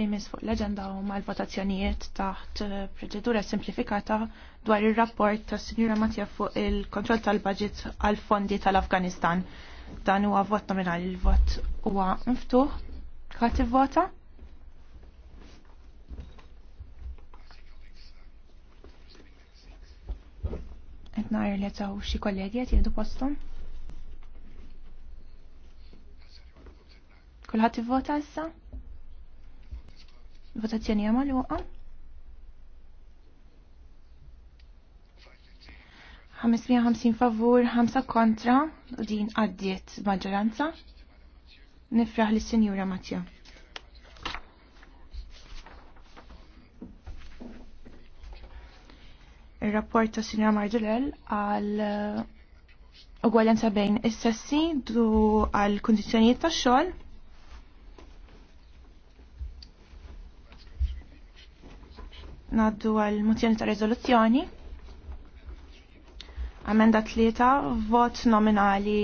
li mis fuq l-agenda u l votazzjonijiet taħt eh, proċedura simplifikata dwar il-rapport ta' Sinjura Matja fuq il-kontroll tal-budget għal fondi tal-Afganistan. Dan huwa vot nominali, l vot huwa mftuħ. Ħadd ivvota? Qed nara li taw xi kollegi qed jieħdu postom. Kulħadd ivvota issa? Votazzjoni għamal uqa. 550 favur, 5 kontra, u din għaddiet maġġoranza. Nifraħ li sinjura Matja. Il-rapport ta' Sinjura Marġulel għal uh, ugwaljanza bejn is-sessi du għal kondizjonijiet tax-xogħol Naddu għal mozzjoni ta' rezoluzzjoni. Amenda tlieta, vot nominali,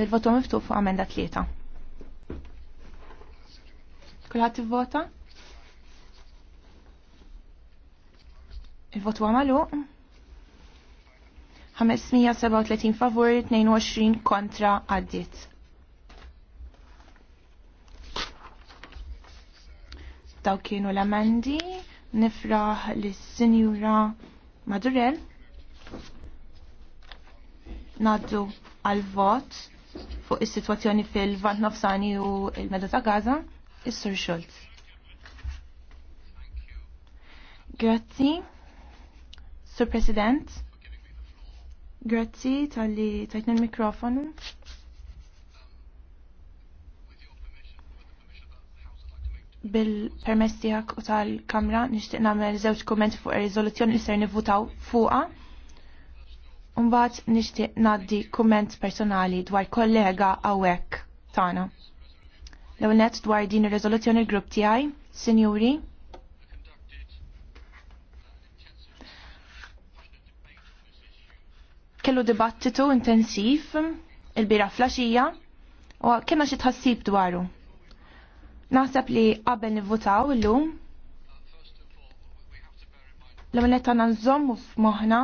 il-votu miftu fuq amenda tlieta. Kulħadd vota Il-votu huwa 537 favur, 22 kontra għaddit. Daw kienu l-amendi nifraħ s sinjura Madurell naddu għal-vot fuq is-sitwazzjoni fil-Vant Nofsani u il-Meda ta' Gaza, is-Sur Schultz. Grazzi, Sur President, grazzi tal-li tajtna l-mikrofonu. bil permessijak tiegħek u tal-Kamra nixtieq nagħmel żewġ kumment fuq ir-riżoluzzjoni li ser nivvutaw fuqha. Mbagħad nixtieq naddi komment personali dwar kollega hawnhekk tagħna. L-ewwel nett dwar din ir-riżoluzzjoni l-grupp tiegħi, Sinjuri. Kellu dibattitu intensiv il-bira flaxija u kena xitħassib dwaru Naħseb li qabel nivvutaw illum l-għamil tagħna nżommu f'moħħna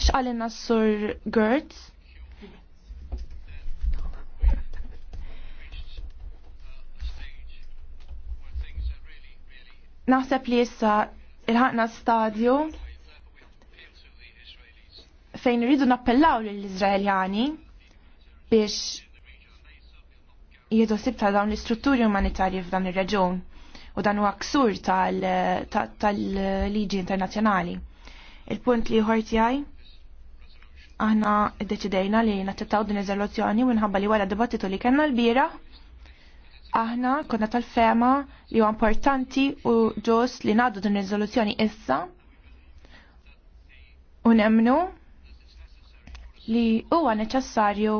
x'qalinna s-sur Gertz naħseb li issa il-ħakna stadju fejn rridu nappellaw lill-Izraeljani biex jiedu sibta dawn l-istrutturi umanitarji f'dan ir-reġun u dan huwa ksur tal-liġi internazzjonali. Il-punt li ħorti għaj, aħna deċidejna li nattettaw din iżoluzzjoni u nħabba li wara dibattitu li kellna l-bira, aħna konna tal-fema li huwa importanti u ġus li ngħaddu din iżoluzzjoni issa u nemnu li huwa neċessarju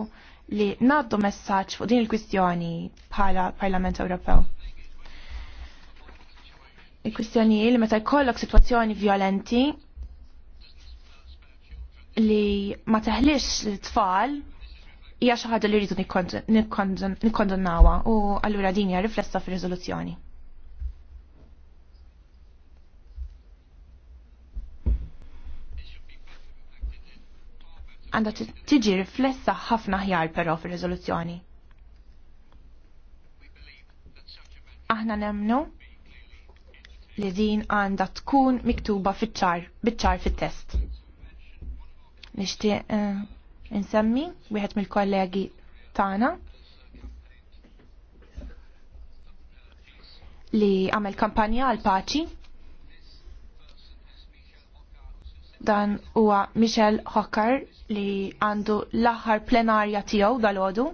li naddu messaġġ fuq din il-kwistjoni bħala Parlament Ewropew. Il-kwistjoni li meta jkollok sitwazzjoni violenti li ma teħlix l-tfal hija xi ħaġa li rridu nikkondonnawha u allura din hija riflessa fir-riżoluzzjoni. għanda tiġi riflessa ħafna ħjar però fir-riżoluzzjoni. Aħna nemnu li din għandha tkun miktuba fitċar, bitċar biċ-ċar fit-test. Nixtieq uh, insemmi wieħed mill-kollegi tagħna li għamel kampanja għal paċi Dan huwa Michel Hocker li għandu l-aħħar plenarja tiegħu dal-għodu.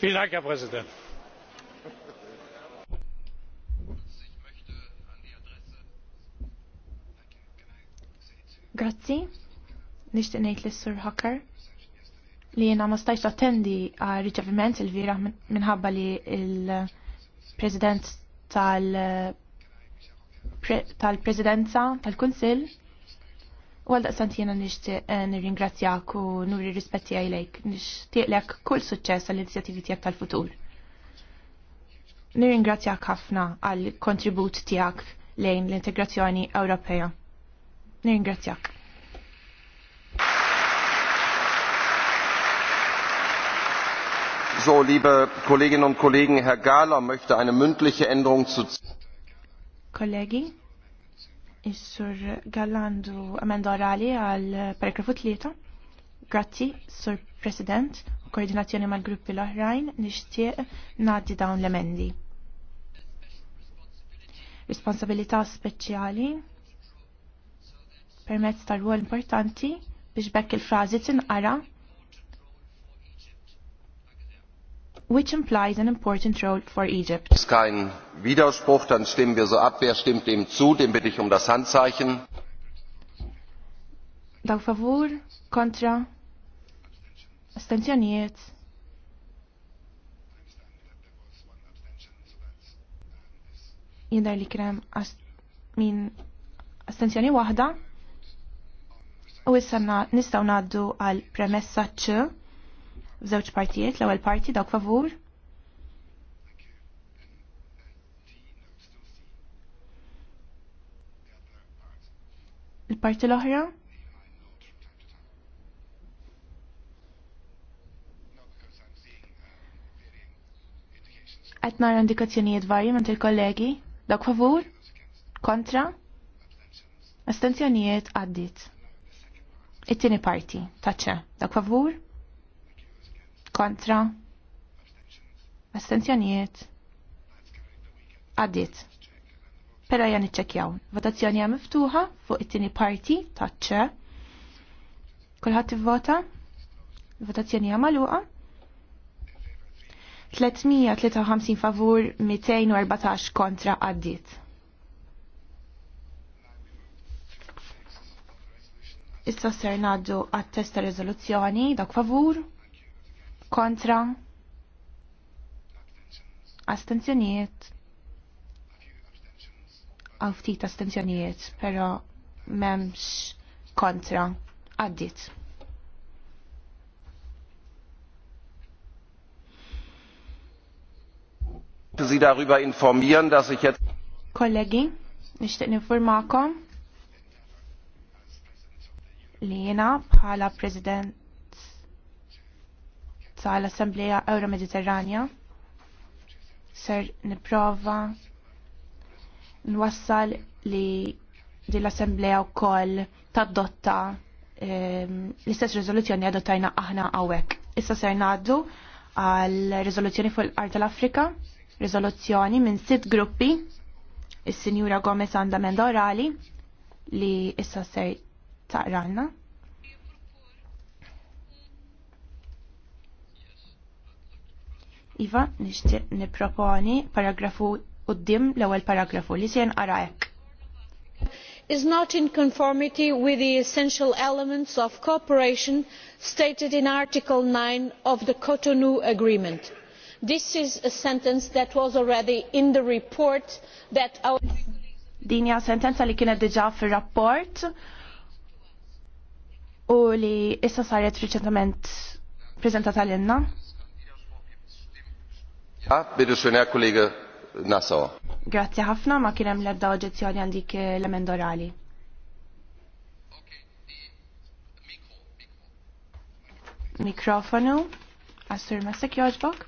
Herr Präsident. Grazzi, nishtiq ngħid lis-Sur Hocker li jena ma stajx attendi għal riċeviment il-vira minħabba li il-President tal-Presidenza tal-Kunsill Għal daqsant jena nishtiq eh, nir ingrazzjak u nuri rispetti għajlejk, nishtiq lek kull suċċess għall-inizjativi tijak tal-futur. nir ingrazzjak ħafna għal kontribut tijak lejn l-integrazzjoni Ewropea. nir ingrazzjak So, liebe Kolleginnen und Kollegen, Herr Gala möchte eine mündliche Änderung zu... Kollegin, Is-sur Gallandu amenda orali għal paragrafu tlieta. Grazzi, sur President, u' koordinazzjoni mal-gruppi l-oħrajn nixtieq nagħti dawn l-emendi. Responsabilità speċjali permezz tal ruol importanti biex bekk il-frażi tinqara which implies an important role for Egypt. Es ist kein Widerspruch, dann stimmen wir so ab. Wer stimmt dem zu? Dem bitte ich um das Handzeichen. Dau favor, contra, abstentioniert. Jidher li ast min astenzjoni wahda. U issa nistgħu ngħaddu għal premessa ċ f'żewġ partijiet, l-ewwel parti dawk favur. Il-parti l-oħra? Qed nara indikazzjonijiet varji minn il-kollegi. Dawk favur? Kontra? Astenzjonijiet għaddit. It-tieni parti, taċċa. dawk favur? kontra, astenzjonijiet, għaddit. Pero jan iċċekjaw. Votazzjoni hija miftuħa fuq it-tieni parti taċċe ċe Kulħadd ivvota. Votazzjoni hija magħluqa. 353 favur 214 kontra għaddit. Issa ser naddu għat-testa riżoluzzjoni dak favur kontra astenzjonijiet għaw ftit astenzjonijiet, pero memx kontra għaddit. Sie darüber informieren, dass ich jetzt Kollegi, nishtiq ninformakom li jena bħala Präsident tal-Assembleja Euro-Mediterranja. Ser niprofa nwassal li din l-Assembleja wkoll tadotta ehm, l-istess riżoluzzjoni adottajna aħna għawek. Issa ser ngħaddu għal riżoluzzjoni fuq l-Art tal-Afrika, riżoluzzjoni minn sitt gruppi, is-Sinjura Gomez għandha Mendorali orali li issa ser taqranna. Iva, nishtiq niproponi paragrafu qudiem l-ewwel paragrafu li se nqara Is not in conformity with the essential elements of cooperation stated in Article 9 of the Cotonou Agreement. This is a sentence that was already in the report that our Dinja sentenza li kienet diġà fir-rapport u li issa saret riċentament prezentata l-inna. Ja, bidu xunja kollega Nassau. Grazie ħafna ma kienem l-ebda oġezzjoni għal dik eh, l-emend orali. Mikrofonu, għassur Messek joġbok.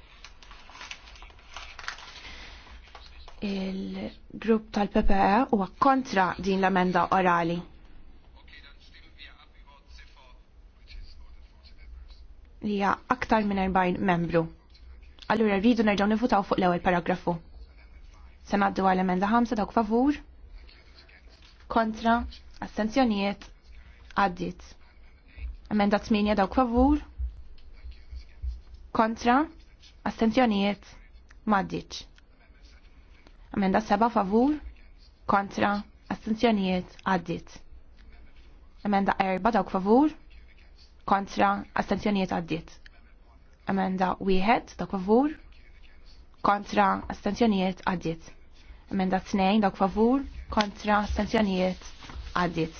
Il-grupp tal-PPE huwa kontra din l-emenda orali. Hija aktar minn 40 membru. Allura rridu nerġgħu nivutaw fuq l-ewwel paragrafu. Se ngħaddu għal emenda ħamsa dawk favur. Kontra, astenzjonijiet, għaddiet. Emenda 8 dawk favur. Kontra, astenzjonijiet, maddiċ. Emenda 7 favur. Kontra, astenzjonijiet, għaddiet. Emenda 4 dawk favur. Kontra, astenzjonijiet, għaddiet. Emenda wieħed dak favur kontra astenzjonijiet għaddiet. Emenda tnejn dak favur kontra astenzjonijiet għaddiet.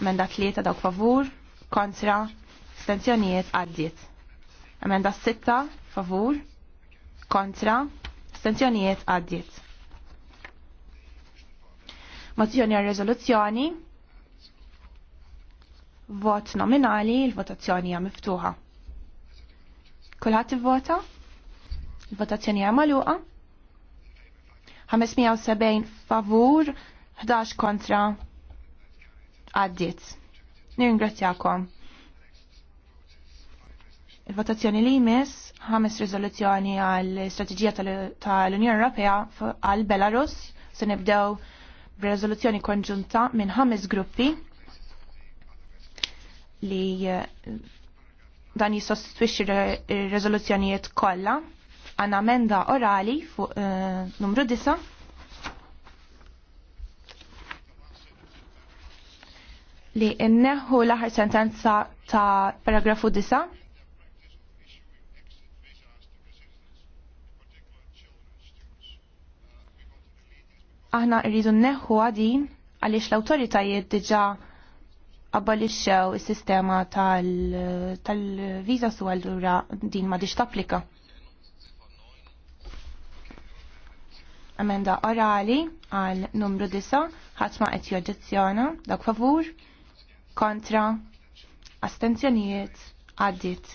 Emenda tlieta dak favur kontra astenzjonijiet għaddiet. Emenda sitta favur kontra astenzjonijiet għaddiet. Mozzjoni għal rezoluzzjoni vot nominali, il-votazzjoni hija miftuħa. Kulħadd ivvota? Il-votazzjoni hija magħluqa. 570 favur, 11 kontra għaddiet. Nirringrazzjakom. Il-votazzjoni li jmiss ħames rizoluzzjoni għal strategija tal-Unjoni Ewropea għal Belarus se nibdew b'riżoluzzjoni konġunta minn ħames gruppi li eh, dan jissostitwixxi r-rezoluzzjonijiet kollha. Għandna amenda orali fuq uh, numru 9. Li inneħu l-aħħar sentenza ta' paragrafu 9. Aħna rridu nneħħu għadin għaliex l-awtoritajiet diġa' abbalixxew is-sistema tal-viża tal su għallura din ma diġ tapplika. Amenda orali għal numru 9 ħatma qed joġġezzjona dak favur kontra astenzjonijiet għaddit.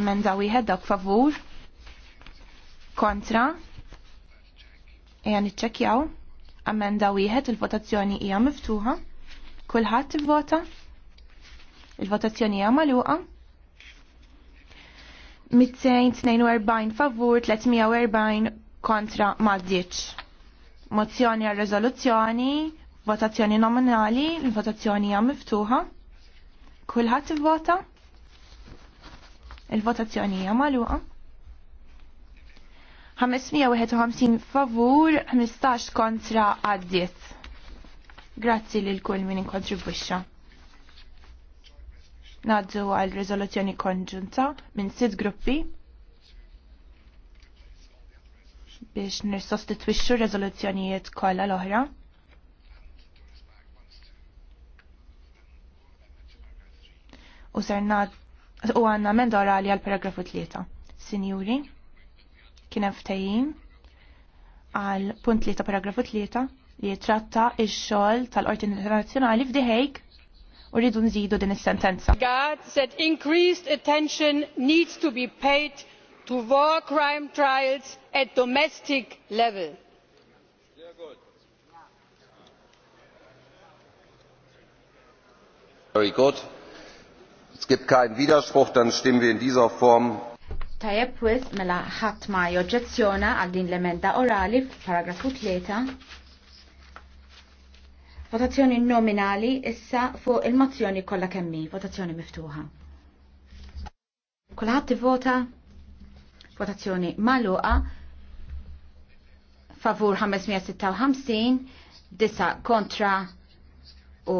Amenda wieħed dak favur kontra ejja niċċekkjaw. Amenda wieħed il-votazzjoni hija miftuħa. Kulħadd ivvota? Il-votazzjoni hija magħluqa. 242 favur, 340 kontra maddiċ. Mozzjoni għal rezoluzzjoni, votazzjoni nominali, il-votazzjoni hija miftuħa. Kulħadd ivvota? Il-votazzjoni hija magħluqa. 551 favur, 15 kontra għaddiet. Grazzi lil kull min inkontribwixxa. Naddu għal riżoluzzjoni konġunta minn sitt gruppi biex nirsostitwixxu riżoluzzjonijiet kollha l-oħra. U ser u għanna menda orali għal paragrafu 3. Sinjuri, kien hemm ftehim għal punt 3 paragrafu 3 li jitratta il-xol tal-Qorti internazjonali f'diħejk u rridu nżidu din is-sentenza. God said increased attention needs to be paid to war crime trials at domestic level. Very good. Es gibt keinen Widerspruch, dann stimmen wir in dieser Form. Tajab wis mela ħadd ma joġġezzjona għal din l-emenda orali f-paragrafu 3 Votazzjoni nominali issa fuq il-mozzjoni kollha kemmi, votazzjoni miftuħa. Kulħadd vota votazzjoni magħluqa favur 556, disa kontra u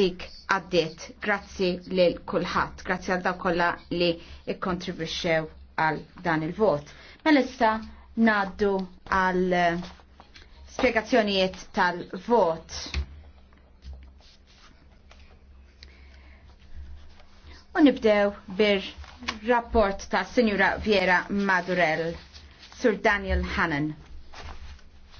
dik għaddiet. Grazzi lil kulħadd, grazzi għal kollha li ikkontribwixxew għal dan il-vot. Mela issa naddu għal spiegazzjonijiet tal-vot. U nibdew bir rapport ta' Sinjura Viera Madurell, Sur Daniel Hannan.